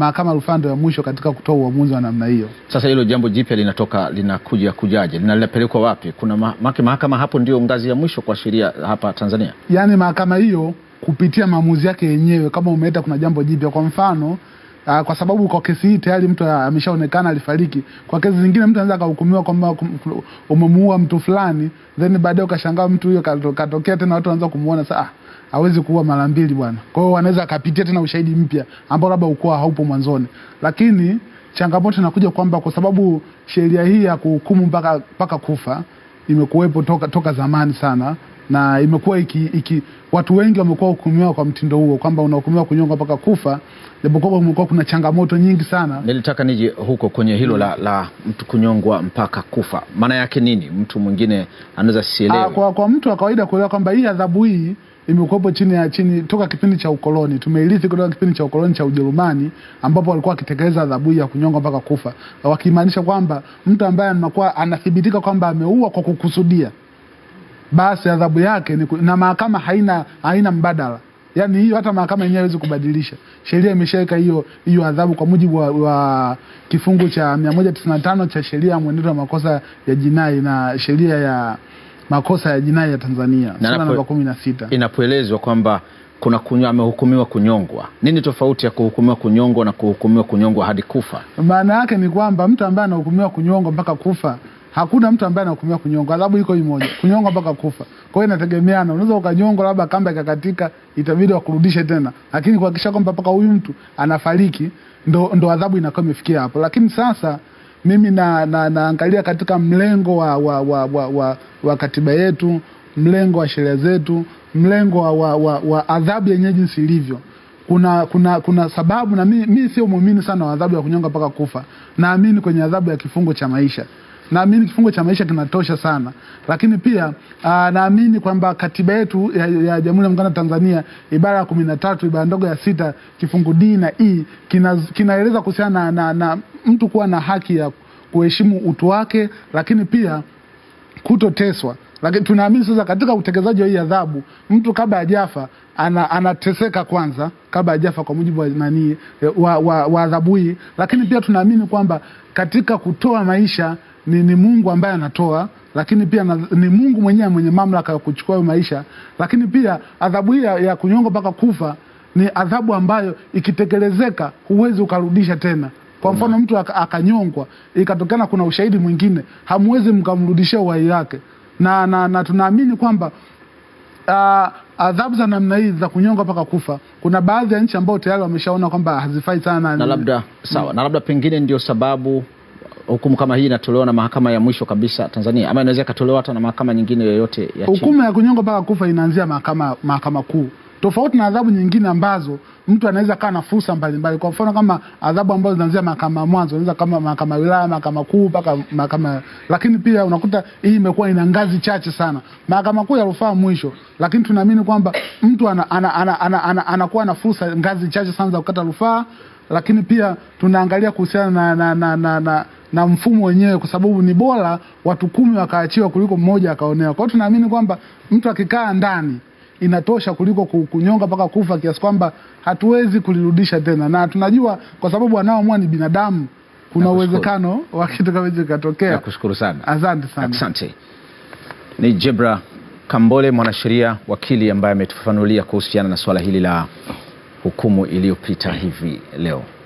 mahakama ya rufaa ndio ya mwisho katika kutoa uamuzi wa namna hiyo. Sasa hilo jambo jipya linatoka linakuja kujaje, linapelekwa wapi? Kuna mahakama mahakama hapo ndio ngazi ya mwisho kwa sheria hapa Tanzania, yaani mahakama hiyo kupitia maamuzi yake yenyewe, kama umeleta kuna jambo jipya, kwa mfano Uh, kwa sababu kwa kesi hii tayari mtu ameshaonekana alifariki. Kwa kesi zingine mtu anaweza akahukumiwa kwamba umemuua mtu fulani, then baadaye ukashangaa mtu huyo katokea tena, watu wanaanza kumuona sasa, ah, hawezi kuua mara mbili bwana. Kwa hiyo wanaweza akapitia tena ushahidi mpya ambao labda ukuwa haupo mwanzoni, lakini changamoto inakuja kwamba kwa sababu sheria hii ya kuhukumu mpaka mpaka kufa imekuwepo toka, toka zamani sana na imekuwa iki, iki, watu wengi wamekuwa hukumiwa kwa mtindo huo kwamba unahukumiwa kunyongwa mpaka kufa, japokuwa kumekuwa kuna changamoto nyingi sana. Nilitaka nije huko kwenye hilo la, la mtu kunyongwa mpaka kufa, maana yake nini? Mtu mwingine anaweza sielewe. Ah, kwa, kwa mtu wa kawaida kuelewa kwamba hii adhabu hii imekuwepo chini ya chini toka kipindi cha ukoloni, tumeirithi kutoka kipindi cha ukoloni cha Ujerumani, ambapo walikuwa wakitekeleza adhabu ya kunyongwa mpaka kufa, wakimaanisha kwamba mtu ambaye anakuwa anathibitika kwamba ameua kwa kukusudia, basi adhabu yake ni na mahakama haina, haina mbadala Yaani hiyo hata mahakama yenyewe haiwezi kubadilisha. Sheria imeshaweka hiyo hiyo adhabu kwa mujibu wa, wa kifungu cha 195 cha sheria ya mwenendo wa makosa ya jinai na sheria ya makosa ya jinai ya Tanzania sura namba kumi na sita inapoelezwa kwamba kuna kunyo, amehukumiwa kunyongwa. Nini tofauti ya kuhukumiwa kunyongwa na kuhukumiwa kunyongwa hadi kufa? Maana yake ni kwamba mtu ambaye anahukumiwa kunyongwa mpaka kufa, hakuna mtu ambaye anahukumiwa kunyongwa, adhabu iko moja, kunyongwa mpaka kufa. Kwa hiyo inategemeana, unaweza ukanyongwa, labda kamba ikakatika, itabidi wakurudishe tena, lakini kuhakikisha kwamba mpaka huyu mtu anafariki, ndo, ndo adhabu inakuwa imefikia hapo. Lakini sasa mimi na, na, naangalia katika mlengo wa, wa, wa, wa, wa, wa katiba yetu, mlengo wa sheria zetu, mlengo wa, wa, wa, wa adhabu yenyewe jinsi ilivyo. Kuna, kuna, kuna sababu na mi, mi sio muumini sana wa adhabu ya kunyonga mpaka kufa. Naamini kwenye adhabu ya kifungo cha maisha, naamini kifungo cha maisha kinatosha sana, lakini pia ah, naamini kwamba katiba yetu ya, ya Jamhuri ya Muungano wa Tanzania ibara ya kumi na tatu ibara ndogo ya sita kifungu D na E kinaeleza kina kuhusiana na, na, na mtu kuwa na haki ya kuheshimu utu wake, lakini pia kutoteswa. Lakini tunaamini sasa katika utekelezaji wa hii adhabu, mtu kabla hajafa ana, anateseka kwanza kabla hajafa kwa mujibu wa nani wa, wa, wa adhabu hii. Lakini pia tunaamini kwamba katika kutoa maisha ni, ni Mungu ambaye anatoa lakini pia na, ni Mungu mwenyewe mwenye mamlaka ya kuchukua hayo maisha. Lakini pia adhabu hii ya, ya kunyongwa mpaka kufa ni adhabu ambayo ikitekelezeka huwezi ukarudisha tena. Kwa mfano mtu akanyongwa, ikatokana kuna ushahidi mwingine, hamwezi mkamrudishia uhai wake, na, na, na tunaamini kwamba uh, adhabu za namna hii za kunyongwa mpaka kufa, kuna baadhi ya nchi ambao tayari wameshaona kwamba hazifai sana na labda sawa, na labda pengine ndio sababu hukumu kama hii inatolewa na mahakama ya mwisho kabisa Tanzania, ama inaweza ikatolewa hata na mahakama nyingine yoyote ya chini. Hukumu ya kunyongwa mpaka kufa inaanzia mahakama mahakama kuu tofauti na adhabu nyingine ambazo mtu anaweza kaa na fursa mbalimbali. Kwa mfano kama adhabu ambazo zinaanzia mahakama mwanzo, unaweza kama mahakama ya wilaya, mahakama kuu mpaka mahakama, lakini pia unakuta hii imekuwa ina ngazi chache sana, mahakama kuu ya rufaa mwisho. Lakini tunaamini kwamba mtu anakuwa ana, ana, ana, ana, ana, ana na fursa ngazi chache sana za kukata rufaa, lakini pia tunaangalia kuhusiana na, na, na, na, na na mfumo wenyewe kwa sababu ni bora watu kumi wakaachiwa kuliko mmoja akaonewa. Kwa hiyo tunaamini kwamba mtu akikaa ndani inatosha kuliko kunyonga mpaka kufa, kiasi kwamba hatuwezi kulirudisha tena, na tunajua kwa sababu wanaoamua ni binadamu, kuna uwezekano wa kitu kama hicho kikatokea. Nakushukuru sana, asante sana, asante. Ni Jebra Kambole, mwanasheria wakili, ambaye ametufafanulia kuhusiana na suala hili la hukumu iliyopita hivi leo.